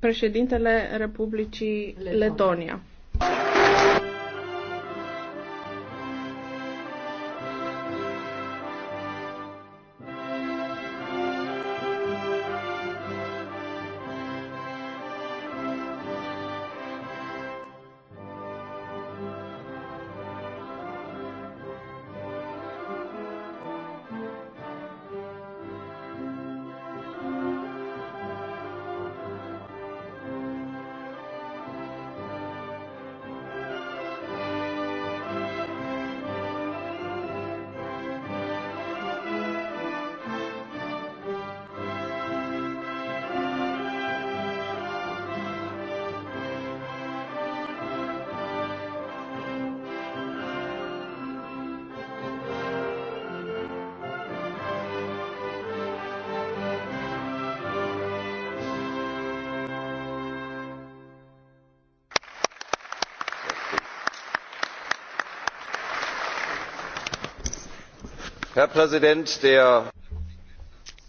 președintele Republicii Letonia. Letonia.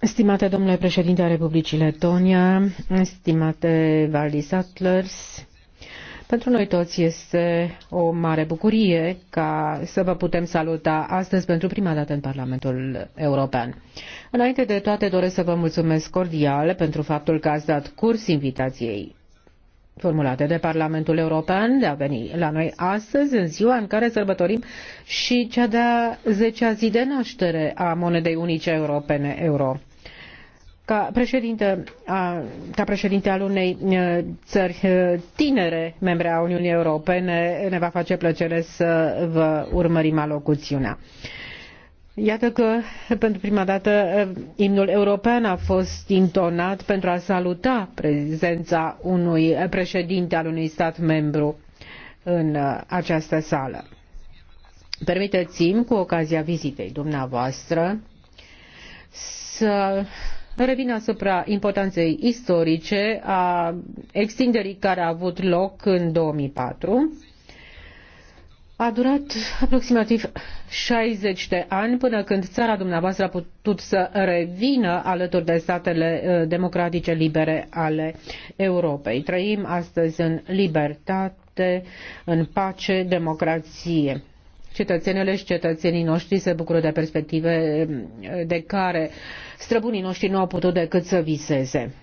Stimate domnule președinte al Republicii Letonia, stimate Valdis Sattlers, pentru noi toți este o mare bucurie ca să vă putem saluta astăzi pentru prima dată în Parlamentul European. Înainte de toate doresc să vă mulțumesc cordial pentru faptul că ați dat curs invitației formulate de Parlamentul European de a veni la noi astăzi, în ziua în care sărbătorim și cea de-a 10-a zi de naștere a monedei unice europene euro. Ca președinte, a, ca președinte al unei țări tinere, membre a Uniunii Europene, ne va face plăcere să vă urmărim alocuțiunea. Iată că pentru prima dată imnul european a fost intonat pentru a saluta prezența unui președinte al unui stat membru în această sală. Permiteți-mi, cu ocazia vizitei dumneavoastră, să revin asupra importanței istorice a extinderii care a avut loc în 2004 a durat aproximativ 60 de ani până când țara dumneavoastră a putut să revină alături de statele uh, democratice libere ale Europei. Trăim astăzi în libertate, în pace, democrație. Cetățenele și cetățenii noștri se bucură de perspective um, de care străbunii noștri nu au putut decât să viseze.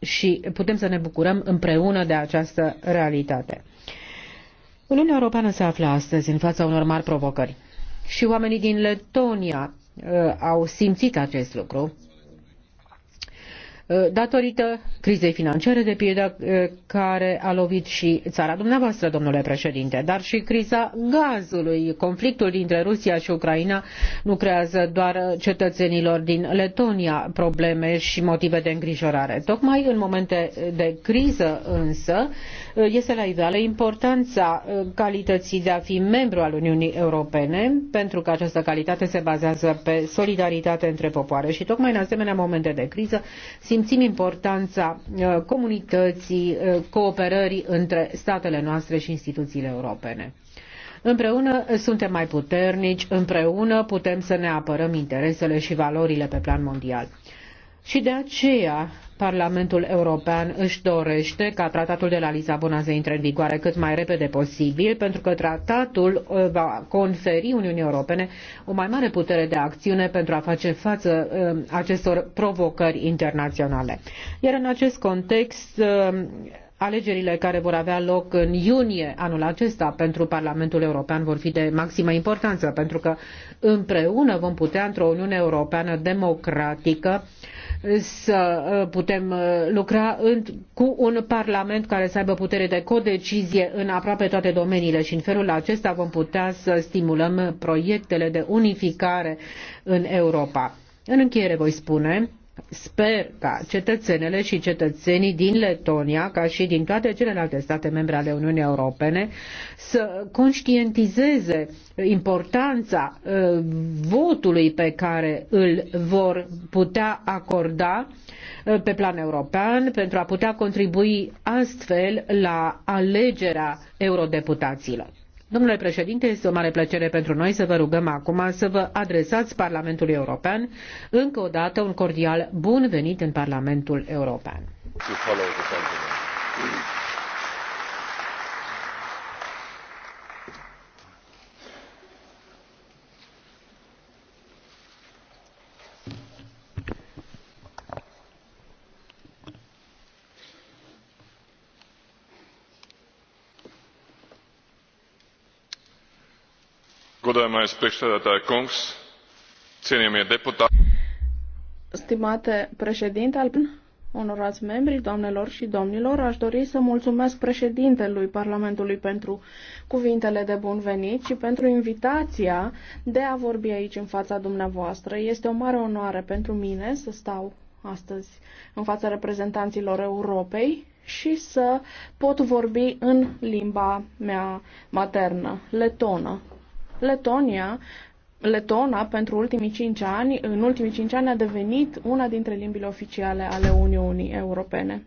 Și putem să ne bucurăm împreună de această realitate. Uniunea Europeană se află astăzi în fața unor mari provocări și oamenii din Letonia uh, au simțit acest lucru uh, datorită crizei financiare de pildă uh, care a lovit și țara dumneavoastră, domnule președinte, dar și criza gazului. Conflictul dintre Rusia și Ucraina nu creează doar cetățenilor din Letonia probleme și motive de îngrijorare. Tocmai în momente de criză însă, Eh, este la iveală importanța eh, calității de a fi membru al Uniunii Europene, pentru că această calitate se bazează pe solidaritate între popoare și tocmai în asemenea momente de criză simțim importanța eh, comunității, cooperării între statele noastre și instituțiile europene. Împreună suntem mai puternici, împreună putem să ne apărăm interesele și valorile pe plan mondial. Și de aceea Parlamentul European își dorește ca tratatul de la Lisabona să intre în vigoare cât mai repede posibil, pentru că tratatul uh, va conferi Uniunii Europene o mai mare putere de acțiune pentru a face față uh, acestor provocări internaționale. Iar în acest context, uh, alegerile care vor avea loc în iunie anul acesta pentru Parlamentul European vor fi de maximă importanță, pentru că împreună vom putea, într-o Uniune Europeană democratică, să uh, putem uh, lucra cu un Parlament care să aibă putere de codecizie în aproape toate domeniile și în felul acesta vom putea să stimulăm proiectele de unificare în Europa. În încheiere voi spune Sper ca cetățenele și cetățenii din Letonia, ca și din toate celelalte state membre ale Uniunii Europene, să conștientizeze importanța uh, votului pe care îl vor putea acorda uh, pe plan european pentru a putea contribui astfel la alegerea eurodeputaților. Domnule președinte, este o mare plăcere pentru noi să vă rugăm acum să vă adresați Parlamentului European încă o dată un cordial bun venit în Parlamentul European. Godājumais priekšstādātāja kungs, cienījamie deputāti. Stimate președinte al onorați membri, doamnelor și domnilor, aș dori să mulțumesc președintelui Parlamentului pentru cuvintele de bun venit și pentru invitația de a vorbi aici în fața dumneavoastră. Este o mare onoare pentru mine să stau astăzi în fața reprezentanților Europei și să pot vorbi în limba mea maternă, letonă. Letonia letona pentru ultimii cinci ani, în ultimii cinci ani a devenit una dintre limbile oficiale ale Uniunii Europene.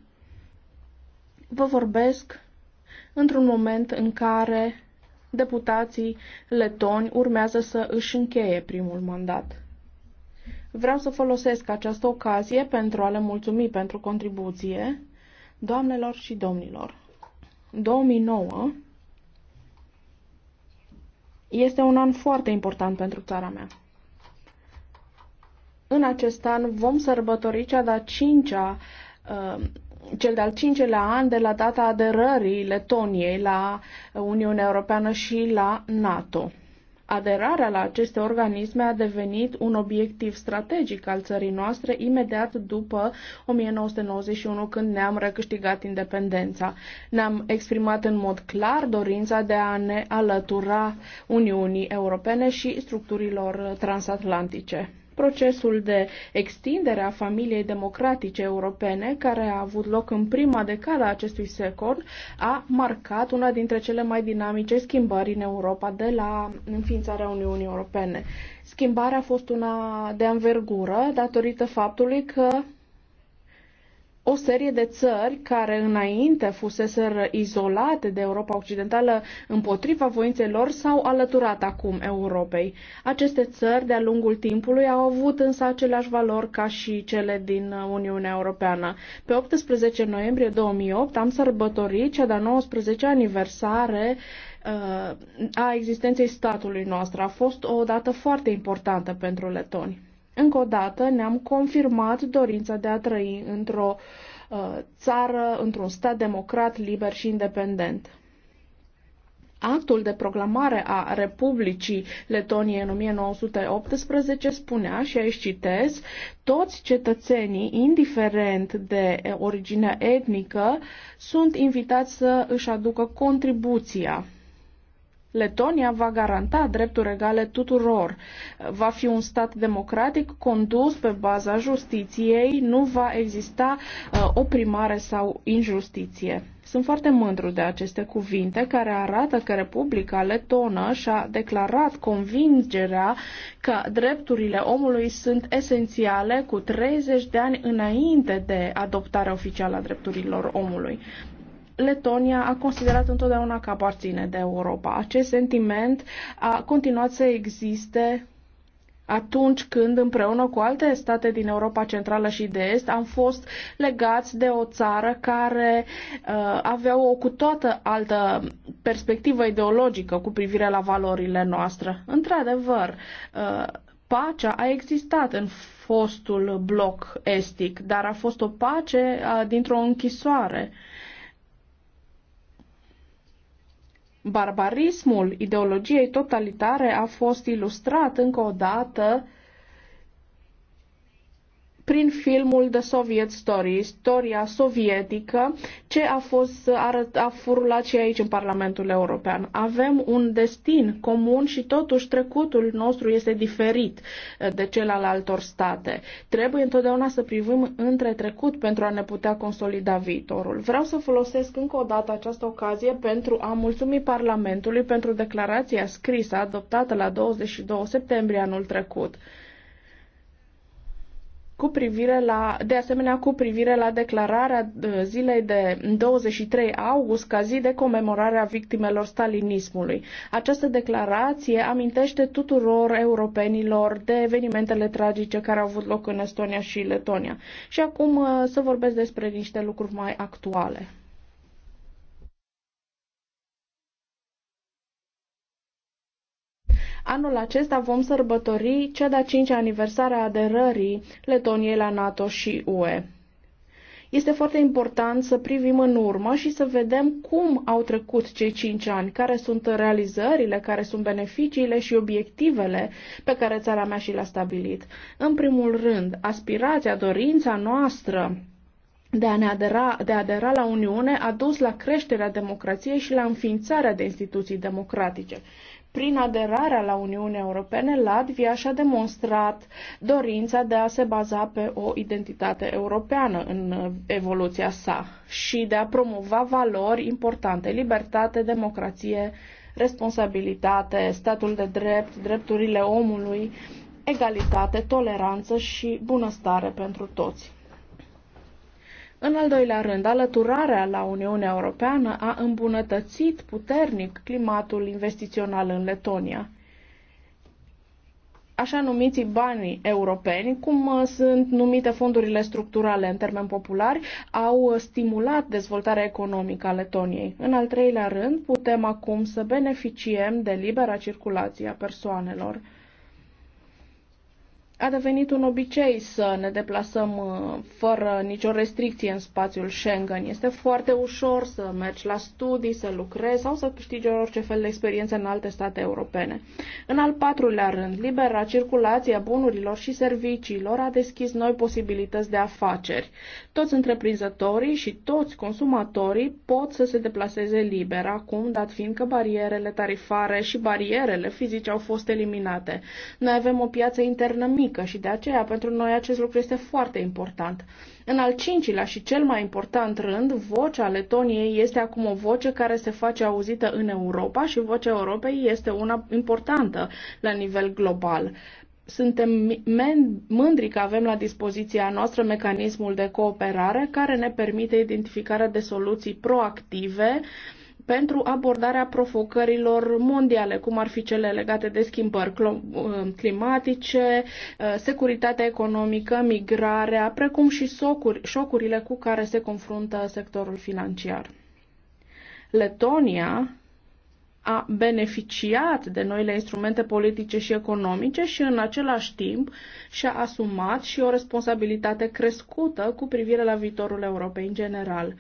Vă vorbesc într-un moment în care deputații letoni urmează să își încheie primul mandat. Vreau să folosesc această ocazie pentru a le mulțumi pentru contribuție, doamnelor și domnilor. 2009 este un an foarte important pentru țara mea. În acest an vom sărbători cea de-a cincea, uh, cel de-al cincelea an de la data aderării Letoniei la Uniunea Europeană și la NATO. Aderarea la aceste organisme a devenit un obiectiv strategic al țării noastre imediat după 1991, când ne-am recâștigat independența. Ne-am exprimat în mod clar dorința de a ne alătura Uniunii Europene și structurilor transatlantice procesul de extindere a familiei democratice europene, care a avut loc în prima decadă a acestui secol, a marcat una dintre cele mai dinamice schimbări în Europa de la înființarea Uniunii Europene. Schimbarea a fost una de anvergură datorită faptului că o serie de țări care înainte fusese izolate de Europa Occidentală împotriva voinței lor s-au alăturat acum Europei. Aceste țări de-a lungul timpului au avut însă aceleași valori ca și cele din Uniunea Europeană. Pe 18 noiembrie 2008 am sărbătorit cea de-a 19 aniversare uh, a existenței statului nostru. A fost o dată foarte importantă pentru letoni. Încă o dată ne-am confirmat dorința de a trăi într-o uh, țară, într-un stat democrat, liber și independent. Actul de proclamare a Republicii Letoniei în 1918 spunea, și aici citez, toți cetățenii, indiferent de originea etnică, sunt invitați să își aducă contribuția Letonia va garanta drepturi egale tuturor. Va fi un stat democratic condus pe baza justiției, nu va exista uh, oprimare sau injustiție. Sunt foarte mândru de aceste cuvinte care arată că Republica Letonă și-a declarat convingerea că drepturile omului sunt esențiale cu 30 de ani înainte de adoptarea oficială a drepturilor omului. Letonia a considerat întotdeauna că aparține de Europa. Acest sentiment a continuat să existe atunci când împreună cu alte state din Europa Centrală și de Est am fost legați de o țară care uh, avea o cu toată altă perspectivă ideologică cu privire la valorile noastre. Într-adevăr, uh, pacea a existat în fostul bloc estic, dar a fost o pace uh, dintr-o închisoare. Uh, Barbarismul ideologiei totalitare a fost ilustrat încă o dată prin filmul The Soviet Story, istoria sovietică, ce a fost arăt, a furulat și aici în Parlamentul European. Avem un destin comun și totuși trecutul nostru este diferit eh, de cel al altor state. Trebuie întotdeauna să privim între trecut pentru a ne putea consolida viitorul. Vreau să folosesc încă o dată această ocazie pentru a mulțumi Parlamentului pentru declarația scrisă adoptată la 22 septembrie anul trecut cu privire la, de asemenea cu privire la declararea uh, zilei de 23 august ca zi de comemorare a victimelor stalinismului. Această declarație amintește tuturor europenilor de evenimentele tragice care au avut loc în Estonia și Letonia. Și acum uh, să vorbesc despre niște lucruri mai actuale. Anul acesta vom sărbători cea de-a cincea aniversare a aderării Letoniei la NATO și UE. Este foarte important să privim în urmă și să vedem cum au trecut cei cinci ani, care sunt realizările, care sunt beneficiile și obiectivele pe care țara mea și le-a stabilit. În primul rând, aspirația, dorința noastră de a, ne adera, de a adera la Uniune a dus la creșterea democrației și la înființarea de instituții democratice. Prin aderarea la Uniunea Europeană, Latvia și-a demonstrat dorința de a se baza pe o identitate europeană în evoluția sa și de a promova valori importante, libertate, democrație, responsabilitate, statul de drept, drepturile omului, egalitate, toleranță și bunăstare pentru toți. În al doilea rând, alăturarea la Uniunea Europeană a îmbunătățit puternic climatul investițional în Letonia așa numiții banii europeni, cum uh, sunt numite fondurile structurale în termeni populari, au stimulat dezvoltarea economică a Letoniei. În al treilea rând, putem acum să beneficiem de libera circulație a persoanelor a devenit un obicei să ne deplasăm uh, fără nicio restricție în spațiul Schengen. Este foarte ușor să mergi la studii, să lucrezi sau să câștigi orice fel de experiență în alte state europene. În al patrulea rând, libera circulație a bunurilor și serviciilor a deschis noi posibilități de afaceri. Toți întreprinzătorii și toți consumatorii pot să se deplaseze liber acum, dat fiind că barierele tarifare și barierele fizice au fost eliminate. Noi avem o piață internă mică mică și de aceea pentru noi acest lucru este foarte important. În al cincilea și cel mai important rând, vocea Letoniei este acum o voce care se face auzită în Europa și vocea Europei este una importantă la nivel global suntem mândri că avem la dispoziția noastră mecanismul de cooperare care ne permite identificarea de soluții proactive uh, pentru abordarea provocărilor mondiale, cum ar fi cele legate de schimbări uh, climatice, uh, securitatea economică, migrarea, precum și socuri, șocurile cu care se confruntă sectorul financiar. Letonia a beneficiat de noile instrumente politice și economice și în același timp și-a asumat și o responsabilitate crescută cu privire la viitorul Europei în general.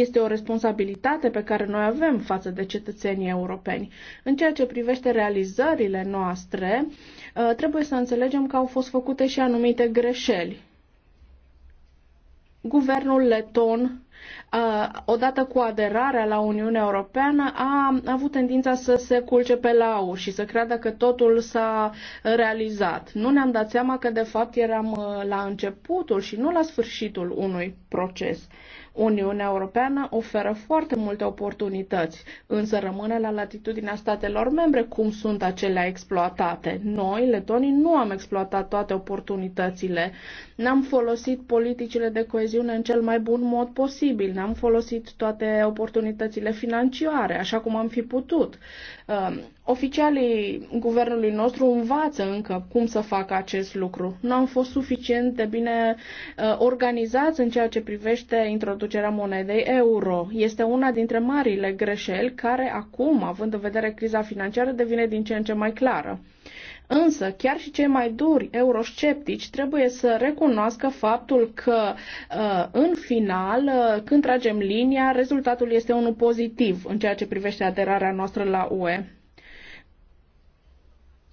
Este o responsabilitate pe care noi avem față de cetățenii europeni. În ceea ce privește realizările noastre, uh, trebuie să înțelegem că au fost făcute și anumite greșeli. Guvernul leton uh, odată cu aderarea la Uniunea Europeană, a avut tendința să se culce pe lau și să creadă că totul s-a uh, realizat. Nu ne-am dat seama că, de fapt, eram la începutul și nu la sfârșitul unui proces. Uniunea Europeană oferă foarte multe oportunități, însă rămâne la latitudinea statelor membre cum sunt acelea exploatate. Noi, letonii, nu am exploatat toate oportunitățile. N-am folosit politicile de coeziune în cel mai bun mod posibil. N-am folosit toate oportunitățile financiare, așa cum am fi putut. Oficialii guvernului nostru învață încă cum să facă acest lucru. Nu am fost suficient de bine uh, organizați în ceea ce privește introducerea monedei euro. Este una dintre marile greșeli care acum, având în vedere criza financiară, devine din ce în ce mai clară. Însă, chiar și cei mai duri eurosceptici trebuie să recunoască faptul că, uh, în final, uh, când tragem linia, rezultatul este unul pozitiv în ceea ce privește aderarea noastră la UE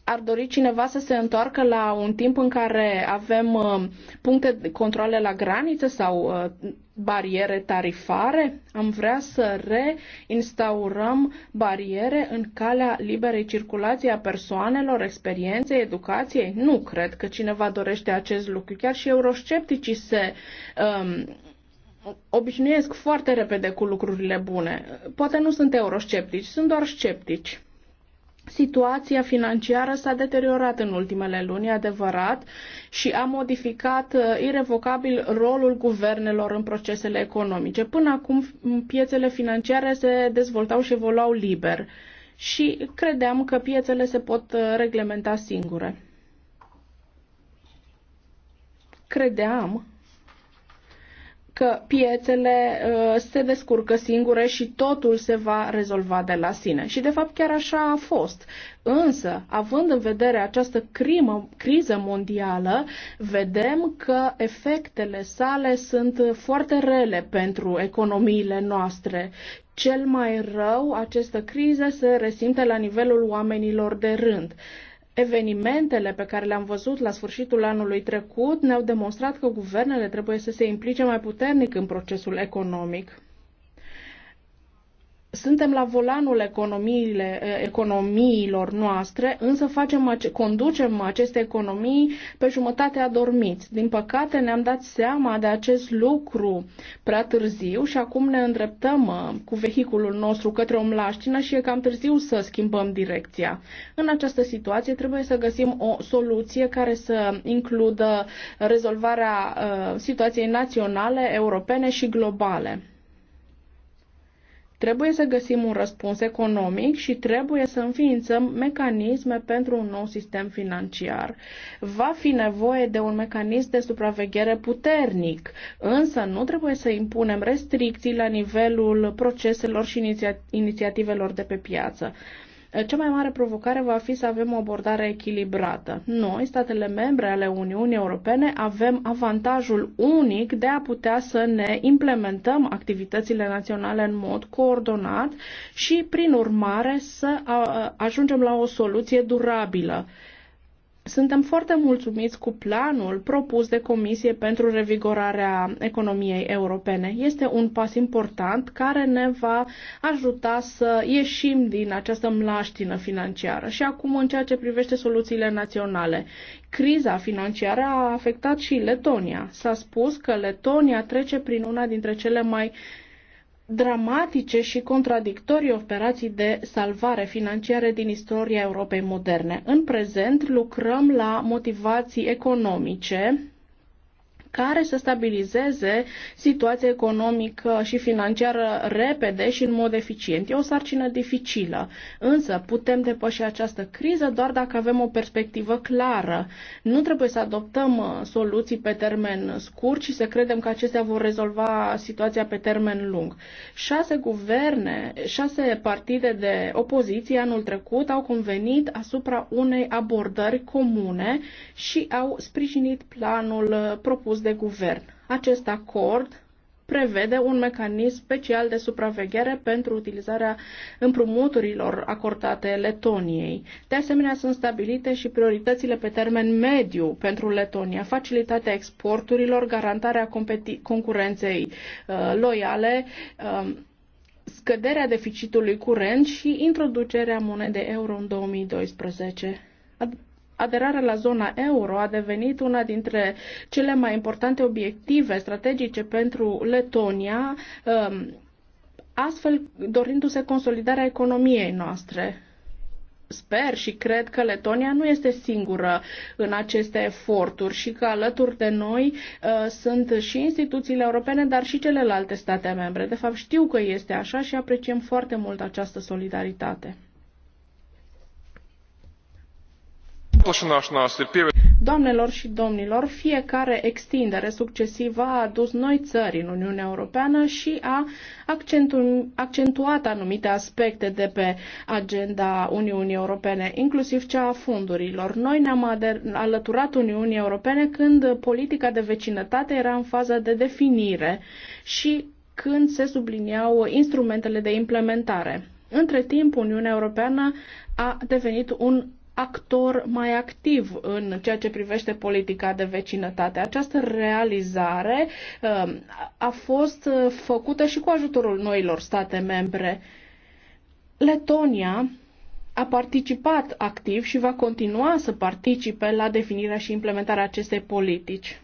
ar dori cineva să se întoarcă la un timp în care avem uh, puncte de controle la graniță sau uh, bariere tarifare? Am vrea să reinstaurăm bariere în calea liberei circulații a persoanelor, experienței, educației? Nu cred că cineva dorește acest lucru. Chiar și euroscepticii se um, obișnuiesc foarte repede cu lucrurile bune. Poate nu sunt eurosceptici, sunt doar sceptici. Situația financiară s-a deteriorat în ultimele luni, adevărat, și a modificat uh, irrevocabil rolul guvernelor în procesele economice. Până acum, piețele financiare se dezvoltau și evoluau liber și credeam că piețele se pot uh, reglementa singure. Credeam că piețele uh, se descurcă singure și totul se va rezolva de la sine. Și de fapt chiar așa a fost. Însă, având în vedere această crimă, criză mondială, vedem că efectele sale sunt foarte rele pentru economiile noastre. Cel mai rău, această criză se resimte la nivelul oamenilor de rând. Uh, Evenimentele pe care le-am văzut la sfârșitul anului trecut ne-au demonstrat că guvernele trebuie să se implice mai puternic în procesul economic suntem la volanul economiile, eh, economiilor noastre, însă facem, conducem aceste economii pe jumătate adormiți. Din păcate ne-am dat seama de acest lucru prea târziu și acum ne îndreptăm eh, cu vehiculul nostru către o mlaștină și e cam târziu să schimbăm direcția. În această situație trebuie să găsim o soluție care să includă rezolvarea eh, situației naționale, europene și globale Trebuie să găsim un răspuns economic și trebuie să înființăm mecanisme pentru un nou sistem financiar. Va fi nevoie de un mecanism de supraveghere puternic, însă nu trebuie să impunem restricții la nivelul proceselor și inițiativelor de pe piață. Cea mai mare provocare va fi să avem o abordare echilibrată. Noi, statele membre ale Uniunii Europene, avem avantajul unic de a putea să ne implementăm activitățile naționale în mod coordonat și, prin urmare, să ajungem la o soluție durabilă suntem foarte mulțumiți cu planul propus de Comisie pentru revigorarea economiei europene. Este un pas important care ne va ajuta să ieșim din această mlaștină financiară. Și acum, în ceea ce privește soluțiile naționale, criza financiară a afectat și Letonia. S-a spus că Letonia trece prin una dintre cele mai dramatice și contradictorii operații de salvare financiare din istoria Europei moderne. În prezent lucrăm la motivații economice care să stabilizeze situația economică și financiară repede și în mod eficient. E o sarcină dificilă, însă putem depăși această criză doar dacă avem o perspectivă clară. Nu trebuie să adoptăm uh, soluții pe termen scurt și să credem că acestea vor rezolva situația pe termen lung. Șase guverne, șase partide de opoziție anul trecut au convenit asupra unei abordări comune și au sprijinit planul uh, propus de guvern. Acest acord prevede un mecanism special de supraveghere pentru utilizarea împrumuturilor acordate Letoniei. De asemenea, sunt stabilite și prioritățile pe termen mediu pentru Letonia, facilitatea exporturilor, garantarea concurenței uh, loiale, uh, scăderea deficitului curent și introducerea monedei euro în 2012. Aderarea la zona euro a devenit una dintre cele mai importante obiective strategice pentru Letonia, um, astfel dorindu-se consolidarea economiei noastre sper și cred că Letonia nu este singură în aceste eforturi și că alături de noi uh, sunt și instituțiile europene, dar și celelalte state membre. De fapt, știu că este așa și apreciem foarte mult această solidaritate. Doamnelor și domnilor, fiecare extindere succesivă a adus noi țări în Uniunea Europeană și a accentu- accentuat anumite aspecte de pe agenda Uniunii Europene, inclusiv cea a fundurilor. Noi ne-am alăturat Uniunii Europene când politica de vecinătate era în faza de definire și când se subliniau instrumentele de implementare. Între timp, Uniunea Europeană a devenit un actor mai activ în ceea ce privește politica de vecinătate. Această realizare um, a fost uh, făcută și cu ajutorul noilor state membre. Letonia a participat activ și va continua să participe la definirea și implementarea acestei politici.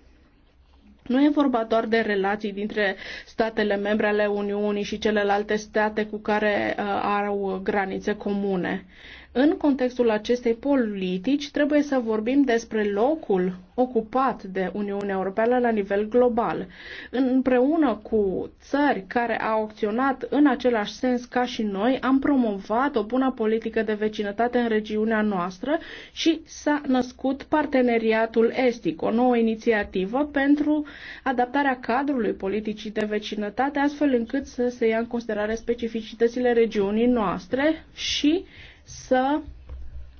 Nu e vorba doar de relații dintre statele membre ale Uniunii și celelalte state cu care uh, au granițe comune. Uh, în contextul acestei politici, trebuie să vorbim despre locul ocupat de Uniunea Europeană la nivel global, împreună cu țări care au acționat în același sens ca și noi, am promovat o bună politică de vecinătate în regiunea noastră și s-a născut parteneriatul estic, o nouă inițiativă pentru adaptarea cadrului politicii de vecinătate, astfel încât să se ia în considerare specificitățile regiunii noastre și să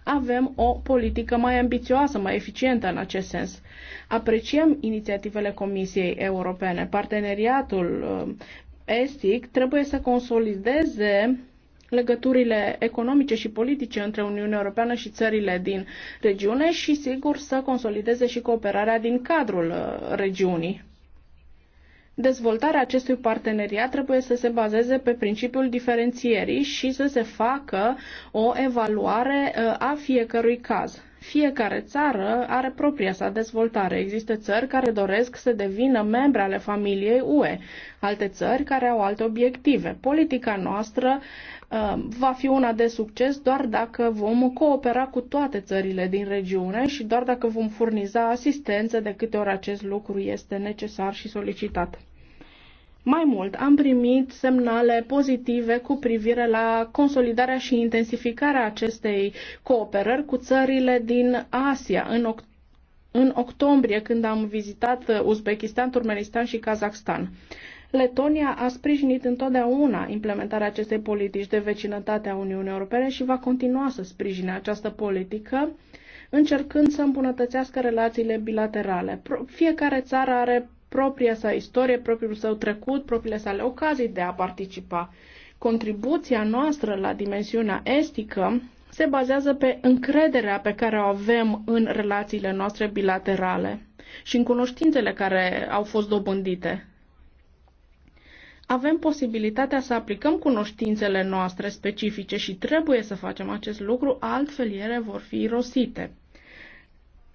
avem o politică mai ambițioasă, mai eficientă în acest sens. Apreciem inițiativele Comisiei Europene. Parteneriatul um, estic trebuie să consolideze legăturile economice și politice între Uniunea Europeană și țările din regiune și, sigur, să consolideze și cooperarea din cadrul uh, regiunii. Dezvoltarea acestui parteneriat trebuie să se bazeze pe principiul diferențierii și să se facă o evaluare uh, a fiecărui caz. Fiecare țară are propria sa dezvoltare. Există țări care doresc să devină membre ale familiei UE, alte țări care au alte obiective. Politica noastră uh, va fi una de succes doar dacă vom coopera cu toate țările din regiune și doar dacă vom furniza asistență de câte ori acest lucru este necesar și solicitat. Mai mult, am primit semnale pozitive cu privire la consolidarea și intensificarea acestei cooperări cu țările din Asia în octombrie în octombrie, când am vizitat Uzbekistan, Turmenistan și Kazakhstan. Letonia a sprijinit întotdeauna implementarea acestei politici de vecinătate a Uniunii Europene și va continua să sprijine această politică, încercând să îmbunătățească relațiile bilaterale. Fiecare țară are propria sa istorie, propriul său trecut, propriile sale ocazii de a participa. Contribuția noastră la dimensiunea estică se bazează pe încrederea pe care o avem în relațiile noastre bilaterale și în cunoștințele care au fost dobândite. Avem posibilitatea să aplicăm cunoștințele noastre specifice și trebuie să facem acest lucru, altfel ele vor fi irosite.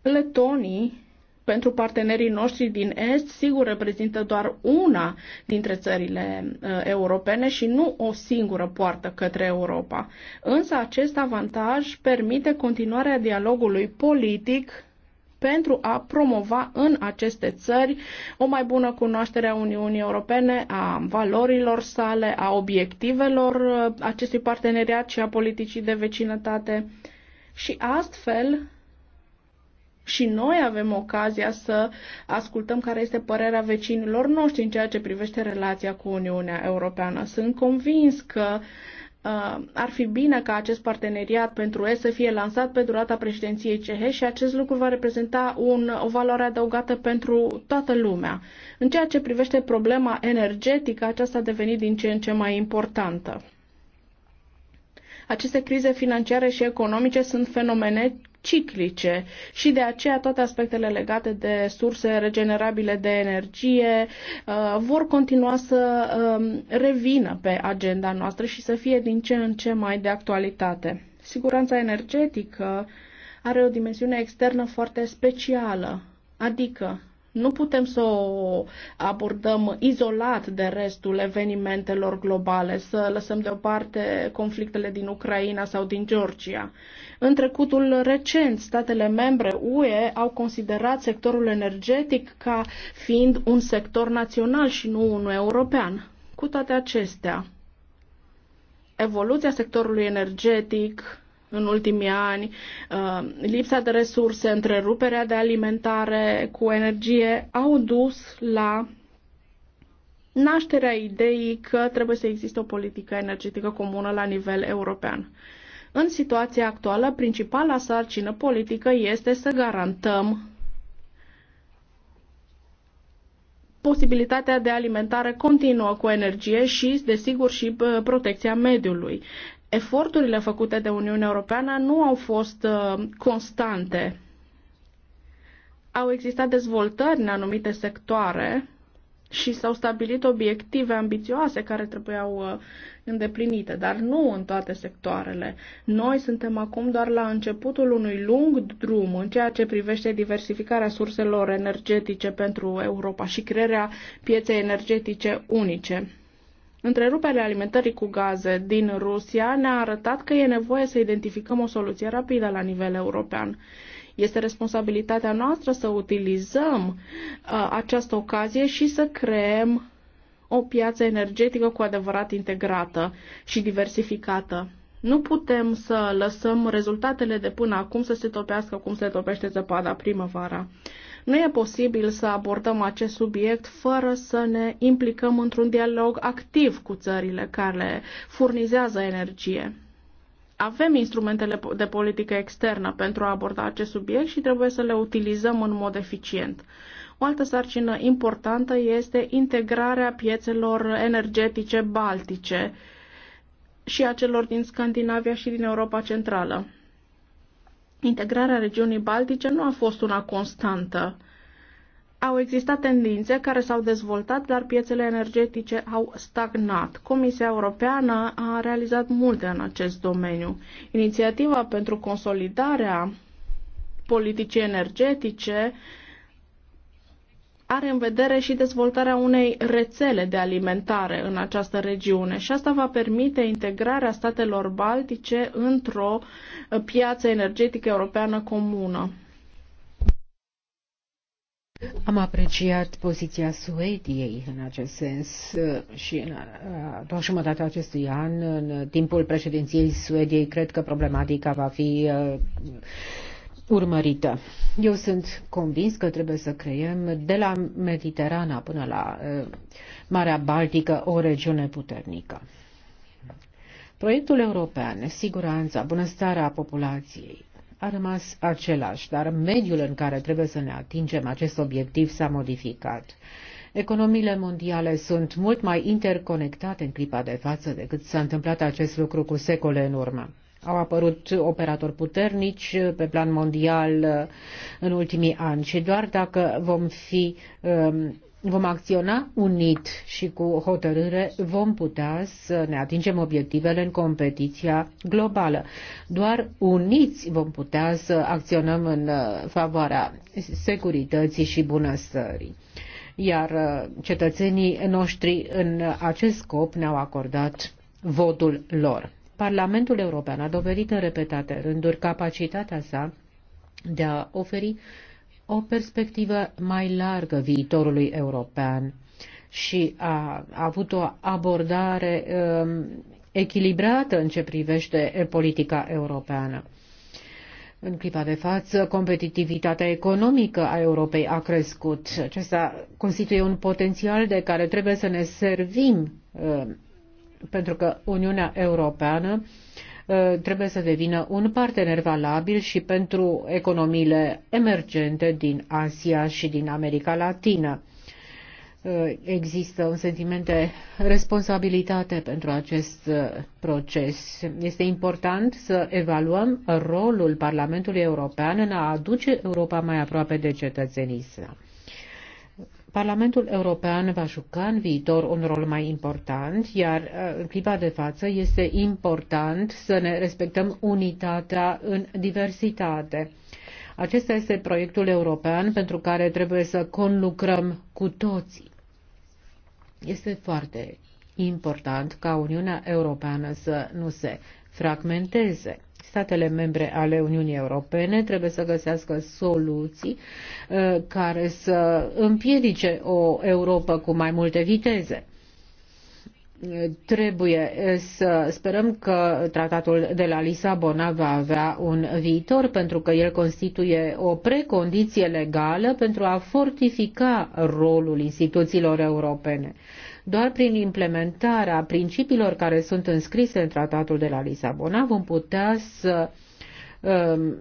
Letonii pentru partenerii noștri din Est, sigur, reprezintă doar una dintre țările uh, europene și nu o singură poartă către Europa. Însă acest avantaj permite continuarea dialogului politic pentru a promova în aceste țări o mai bună cunoaștere a Uniunii Europene, a valorilor sale, a obiectivelor uh, acestui parteneriat și a politicii de vecinătate. Și astfel și noi avem ocazia să ascultăm care este părerea vecinilor noștri în ceea ce privește relația cu Uniunea Europeană. Sunt convins că uh, ar fi bine ca acest parteneriat pentru ei să fie lansat pe durata președinției CH și acest lucru va reprezenta un, o valoare adăugată pentru toată lumea. În ceea ce privește problema energetică, aceasta a devenit din ce în ce mai importantă. Aceste crize financiare și economice sunt fenomene ciclice și de aceea toate aspectele legate de surse regenerabile de energie uh, vor continua să um, revină pe agenda noastră și să fie din ce în ce mai de actualitate. Siguranța energetică are o dimensiune externă foarte specială, adică nu putem să o abordăm izolat de restul evenimentelor globale, să lăsăm deoparte conflictele din Ucraina sau din Georgia. În trecutul recent, statele membre UE au considerat sectorul energetic ca fiind un sector național și nu unul european. Cu toate acestea, evoluția sectorului energetic în ultimii ani, uh, lipsa de resurse, întreruperea de alimentare cu energie au dus la nașterea ideii că trebuie să existe o politică energetică comună la nivel european. În situația actuală, principala sarcină politică este să garantăm posibilitatea de alimentare continuă cu energie și, desigur, și uh, protecția mediului eforturile făcute de Uniunea Europeană nu au fost uh, constante. Au existat dezvoltări în anumite sectoare și s-au stabilit obiective ambițioase care trebuiau uh, îndeplinite, dar nu în toate sectoarele. Noi suntem acum doar la începutul unui lung drum în ceea ce privește diversificarea surselor energetice pentru Europa și crearea pieței energetice unice. Întreruperea alimentării cu gaze din Rusia ne-a arătat că e nevoie să identificăm o soluție rapidă la nivel european. Este responsabilitatea noastră să utilizăm uh, această ocazie și să creăm o piață energetică cu adevărat integrată și diversificată. Nu putem să lăsăm rezultatele de până acum să se topească cum se topește zăpada primăvara. Nu e posibil să abordăm acest subiect fără să ne implicăm într-un dialog activ cu țările care furnizează energie. Avem instrumentele de politică externă pentru a aborda acest subiect și trebuie să le utilizăm în mod eficient. O altă sarcină importantă este integrarea piețelor energetice baltice și a celor din Scandinavia și din Europa Centrală integrarea regiunii baltice nu a fost una constantă. Au existat tendințe care s-au dezvoltat, dar piețele energetice au stagnat. Comisia Europeană a realizat multe în acest domeniu. Inițiativa pentru consolidarea politicii energetice uh, are în vedere și dezvoltarea unei rețele de alimentare în această regiune și asta va permite integrarea statelor baltice într-o piață energetică europeană comună. Am apreciat poziția Suediei în acest sens uh, și în a uh, doua jumătate a acestui an, în timpul președinției Suediei, cred că problematica va fi uh, urmărită. Eu sunt convins că trebuie să creăm de la Mediterana până la Marea Baltică o regiune puternică. Proiectul european, siguranța, bunăstarea populației, a rămas același, dar mediul în care trebuie să ne atingem acest obiectiv s-a modificat. Economiile mondiale sunt mult mai interconectate în clipa de față decât s-a întâmplat acest lucru cu secole în urmă. Au apărut operatori puternici pe plan mondial uh, în ultimii ani și doar dacă vom fi um, vom acționa unit și cu hotărâre, vom putea să ne atingem obiectivele în competiția globală. Doar uniți vom putea să acționăm în uh, favoarea securității și bunăstării. Iar uh, cetățenii noștri în acest scop ne-au acordat votul lor. Parlamentul European a dovedit în repetate rânduri capacitatea sa de a oferi o perspectivă mai largă viitorului european și a, avut o abordare um, echilibrată în ce privește politica europeană. În clipa de față, competitivitatea economică a Europei a crescut. Acesta constituie un potențial de care trebuie să ne servim um, pentru că Uniunea Europeană ă, trebuie să devină un partener valabil și pentru economiile emergente din Asia și din America Latină. Ă, există un sentiment de responsabilitate pentru acest ă, proces. Este important să evaluăm rolul Parlamentului European în a aduce Europa mai aproape de cetățenii săi. Parlamentul European va juca în viitor un rol mai important, iar uh, în clipa de față este important să ne respectăm unitatea în diversitate. Acesta este proiectul european pentru care trebuie să conlucrăm cu toții. Este foarte important ca Uniunea Europeană să nu se fragmenteze statele membre ale Uniunii Europene trebuie să găsească soluții uh, care să împiedice o Europa cu mai multe viteze trebuie uh, să sperăm că tratatul de la Lisabona va avea un viitor pentru că el constituie o precondiție legală pentru a fortifica rolul instituțiilor europene. Doar prin implementarea principiilor care sunt înscrise în tratatul de la Lisabona vom putea să um,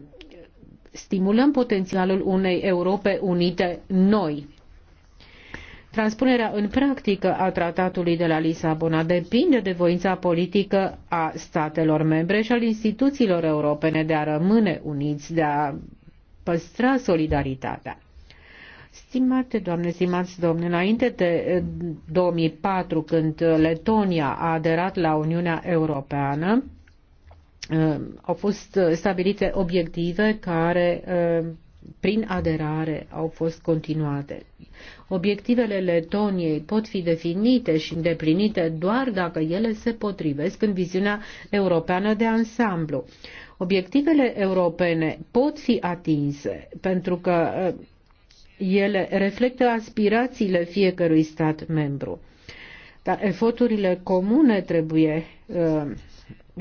stimulăm potențialul unei Europe unite noi. Transpunerea în practică a tratatului de la Lisabona depinde de voința politică a statelor membre și al instituțiilor europene de a rămâne uniți, de a păstra solidaritatea. Stimate doamne, stimați domne, înainte de 2004, eh, când eh, Letonia a aderat la Uniunea Europeană, eh, au fost stabilite obiective care prin aderare au fost continuate. Obiectivele Letoniei pot fi definite și îndeplinite doar dacă ele se potrivesc în viziunea europeană de ansamblu. Obiectivele europene pot fi atinse pentru că ele reflectă aspirațiile fiecărui stat membru. Dar eforturile comune trebuie uh,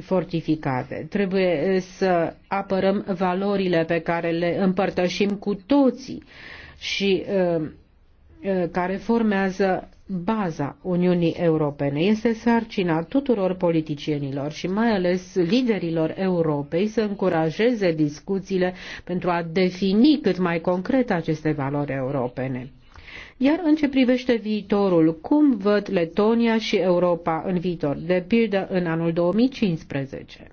fortificate. Trebuie uh, să apărăm valorile pe care le împărtășim cu toții și uh, uh care formează baza Uniunii Europene. Este sarcina tuturor politicienilor și mai ales liderilor Europei să încurajeze discuțiile pentru a defini cât mai concret aceste valori europene. Iar în ce privește viitorul, cum văd Letonia și Europa în viitor, de pildă în anul 2015?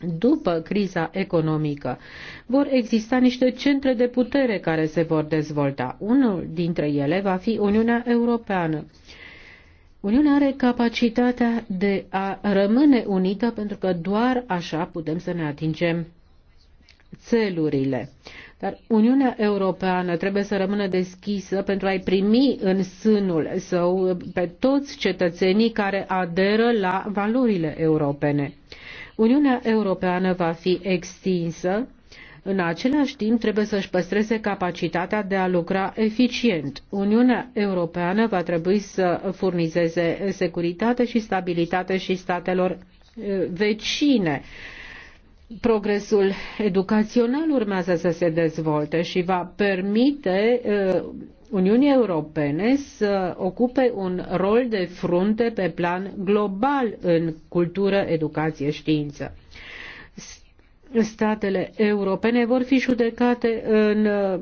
după criza economică, vor exista niște centre de putere care se vor dezvolta. Unul dintre ele va fi Uniunea Europeană. Uniunea are capacitatea de a rămâne unită pentru că doar așa putem să ne atingem țelurile. Dar Uniunea Europeană trebuie să rămână deschisă pentru a-i primi în sânul său pe toți cetățenii care aderă la valorile europene. Uniunea Europeană va fi extinsă, în același timp trebuie să-și păstreze capacitatea de a lucra eficient. Uniunea Europeană va trebui să furnizeze securitate și stabilitate și statelor eh, vecine progresul educațional urmează să se dezvolte și va permite uh, Uniunii Europene să ocupe un rol de frunte pe plan global în cultură, educație, știință. Statele europene vor fi judecate în uh,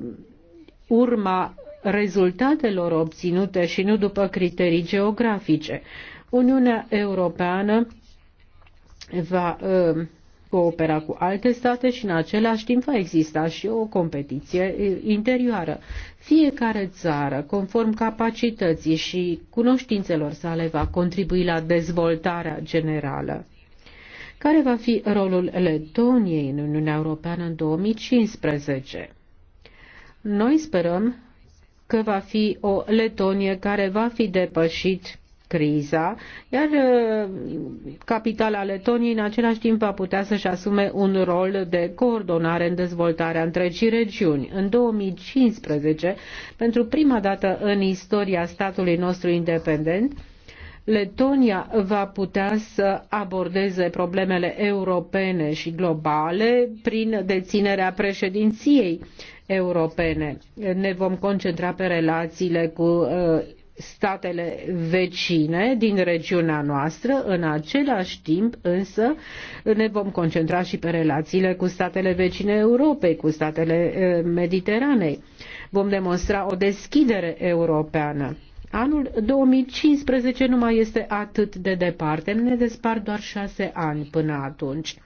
urma rezultatelor obținute și nu după criterii geografice. Uniunea Europeană va uh, coopera cu alte state și în același timp va exista și o competiție interioară. Fiecare țară, conform capacității și cunoștințelor sale, va contribui la dezvoltarea generală. Care va fi rolul Letoniei în Uniunea Europeană în 2015? Noi sperăm că va fi o Letonie care va fi depășit criza, iar uh, capitala Letoniei în același timp va putea să-și asume un rol de coordonare în dezvoltarea întregii regiuni. În 2015, pentru prima dată în istoria statului nostru independent, Letonia va putea să abordeze problemele europene și globale prin deținerea președinției europene. Ne vom concentra pe relațiile cu uh, statele vecine din regiunea noastră, în același timp însă ne vom concentra și pe relațiile cu statele vecine Europei, cu statele eh, Mediteranei. Vom demonstra o deschidere europeană. Anul 2015 nu mai este atât de departe, ne despart doar șase ani până atunci.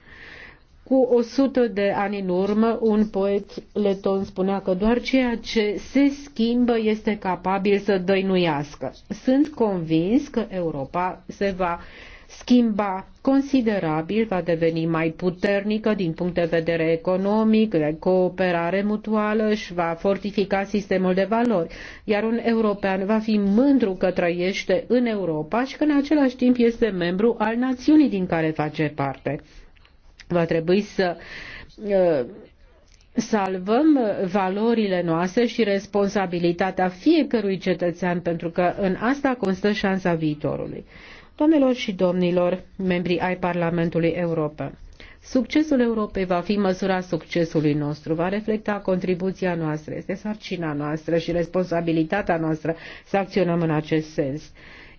Cu o sută de ani în urmă, un poet leton spunea că doar ceea ce se schimbă este capabil să dăinuiască. Sunt convins că Europa se va schimba considerabil, va deveni mai puternică din punct de vedere economic, de cooperare mutuală și va fortifica sistemul de valori. Iar un european va fi mândru că trăiește în Europa și că în același timp este membru al națiunii din care face parte. Va trebui să uh, salvăm valorile noastre și responsabilitatea fiecărui cetățean, pentru că în asta constă șansa viitorului. Doamnelor și domnilor, membrii ai Parlamentului European, succesul Europei va fi măsura succesului nostru, va reflecta contribuția noastră, este sarcina noastră și responsabilitatea noastră să acționăm în acest sens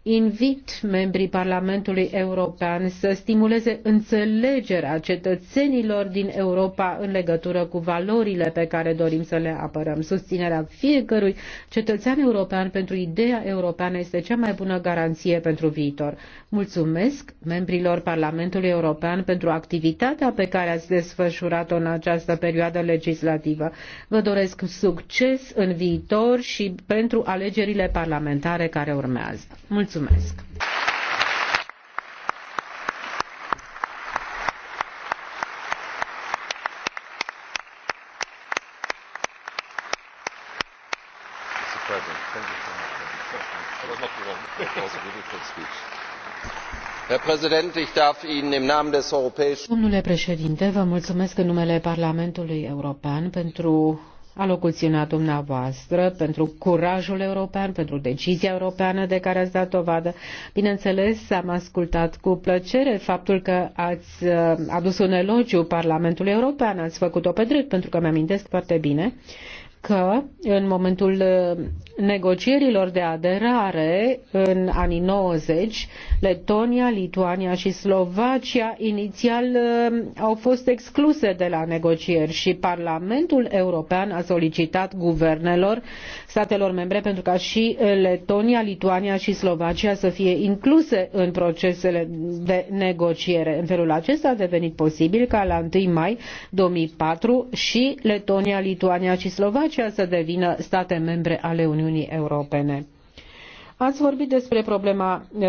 invit membrii Parlamentului European să stimuleze înțelegerea cetățenilor din Europa în legătură cu valorile pe care dorim să le apărăm. Susținerea fiecărui cetățean european pentru ideea europeană este cea mai bună garanție pentru viitor. Mulțumesc membrilor Parlamentului European pentru activitatea pe care ați desfășurat-o în această perioadă legislativă. Vă doresc succes în viitor și pentru alegerile parlamentare care urmează. Mulțumesc. Mulțumesc! domnule președinte vă mulțumesc în numele parlamentului european pentru alocuțiunea dumneavoastră, pentru curajul european, pentru decizia europeană de care ați dat dovadă. Bineînțeles, am ascultat cu plăcere faptul că ați uh, adus un elogiu Parlamentului European, ați făcut-o pe drept, pentru că mi-amintesc foarte bine că în momentul uh, negocierilor de aderare în anii 90, Letonia, Lituania și Slovacia inițial uh, au fost excluse de la negocieri și Parlamentul European a solicitat guvernelor statelor membre pentru ca și uh, Letonia, Lituania și Slovacia să fie incluse în procesele de negociere. În felul acesta a devenit posibil ca la 1 mai 2004 și Letonia, Lituania și Slovacia Grecia să devină state membre ale Uniunii Europene. Ați vorbit despre problema uh,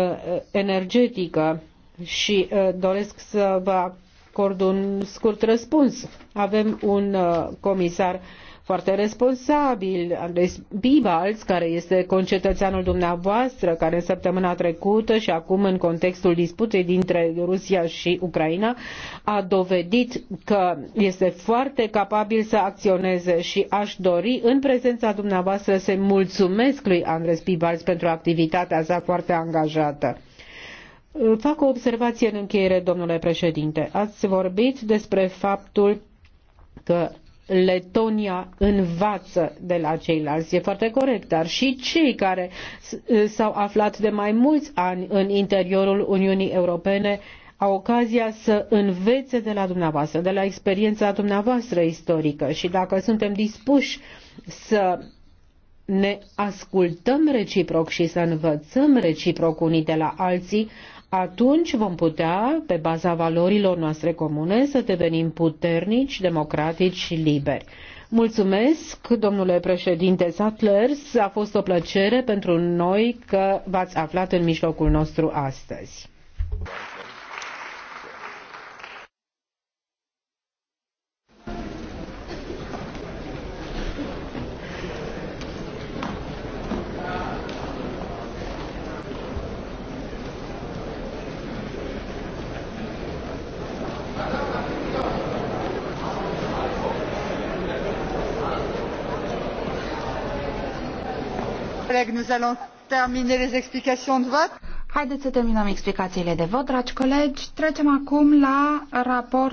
energetică și uh, doresc să vă acord un scurt răspuns. Avem un uh, comisar foarte responsabil. Andres Bibalz, care este concetățeanul dumneavoastră, care în săptămâna trecută și acum în contextul disputei dintre Rusia și Ucraina a dovedit că este foarte capabil să acționeze și aș dori în prezența dumneavoastră să mulțumesc lui Andres Bibalz pentru activitatea sa foarte angajată. Fac o observație în încheiere, domnule președinte. Ați vorbit despre faptul că Letonia învață de la ceilalți. E foarte corect, dar și cei care s-au aflat de mai mulți ani în interiorul Uniunii Europene au ocazia să învețe de la dumneavoastră, de la experiența dumneavoastră istorică și dacă suntem dispuși să ne ascultăm reciproc și să învățăm reciproc unii de la alții, atunci vom putea, pe baza valorilor noastre comune, să devenim puternici, democratici și liberi. Mulțumesc, domnule președinte Sattlers, a fost o plăcere pentru noi că v-ați aflat în mijlocul nostru astăzi. Haideți să terminăm explicațiile de vot, dragi colegi. Trecem acum la raport.